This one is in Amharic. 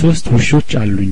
ሶስት ውሾች አሉኝ